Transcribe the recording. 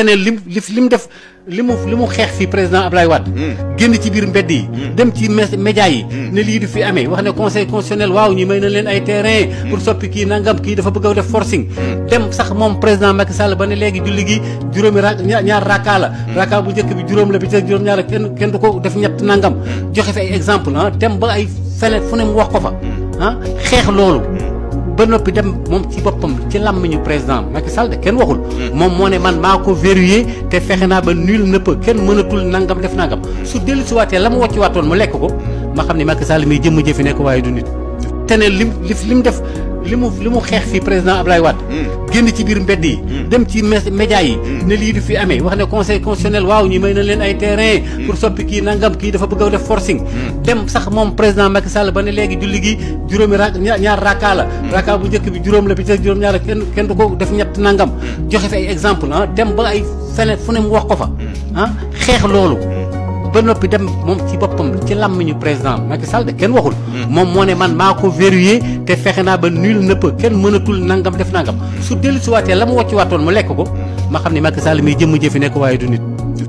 fekkente ne lim li mu def li mu li mu xeex fi président Ablaye Wade. Hmm. génn ci biir mbedd yi. Hmm. dem ci média yi. Hmm. ne lii du fi amee wax ne conseil constitutionnel waaw ñi may na leen ay terrain. pour soppi kii nangam kii dafa bëgg def forcing. dem sax moom président Macky Sall ba ne léegi julli gi juróomi ra ñaar rakka la. rakka bu njëkk bi juróom la bi ci juróom ñaar la kenn du ko def ñett nangam. joxe fi ay exemple ah, dem ba ay feneen fu ne mu wax ko fa ah xeex loolu. ba noppi dem moom ci boppam ci làmmiñu président Macky Sall de kenn waxul. Hmm. moom moo ne man maa ko verrouillé te fexe naa ba nul ne peut kenn mënatul nangam def nangam hmm. su dellu si waatee la mu wàcci waatoon mu lekk ko ma xam ne Macky Sall mii jëmm jëfi nekk waaye du nit te ne lim li mu def. li mu li mu xeex fi président Ablaye Wade. Hmm. génn ci biir mbedd yi. Hmm. dem ci média yi. Hmm. ne lii du fi amee wax ne conseil constitutionnel waaw ñi may na leen ay terrain. pour soppi kii nangam kii dafa bëgg a def forcing. dem sax moom président Macky Sall ba ne léegi julli gi juróomi ra ñaar rakka la. rakka bu njëkk bi juróom la bi ci juróom-ñaar la kenn kenn du ko def ñett nangam. joxe fi ay exemple ah. dem ba ay feneen fu ne mu wax ko fa. ah xeex loolu. ba noppi dem moom ci boppam ci làmmiñu président Macky Sall de kenn waxul. Hmm. moom moo ne man maa ko verrouillé te fexe naa ba nul ne peut kenn mënatul nangam def nangam su dellu si waatee la mu wàcc waatoon mu lekk ko hmm. ma xam ne Macky Sall mi jëmm jëfi nekk waaye du nit.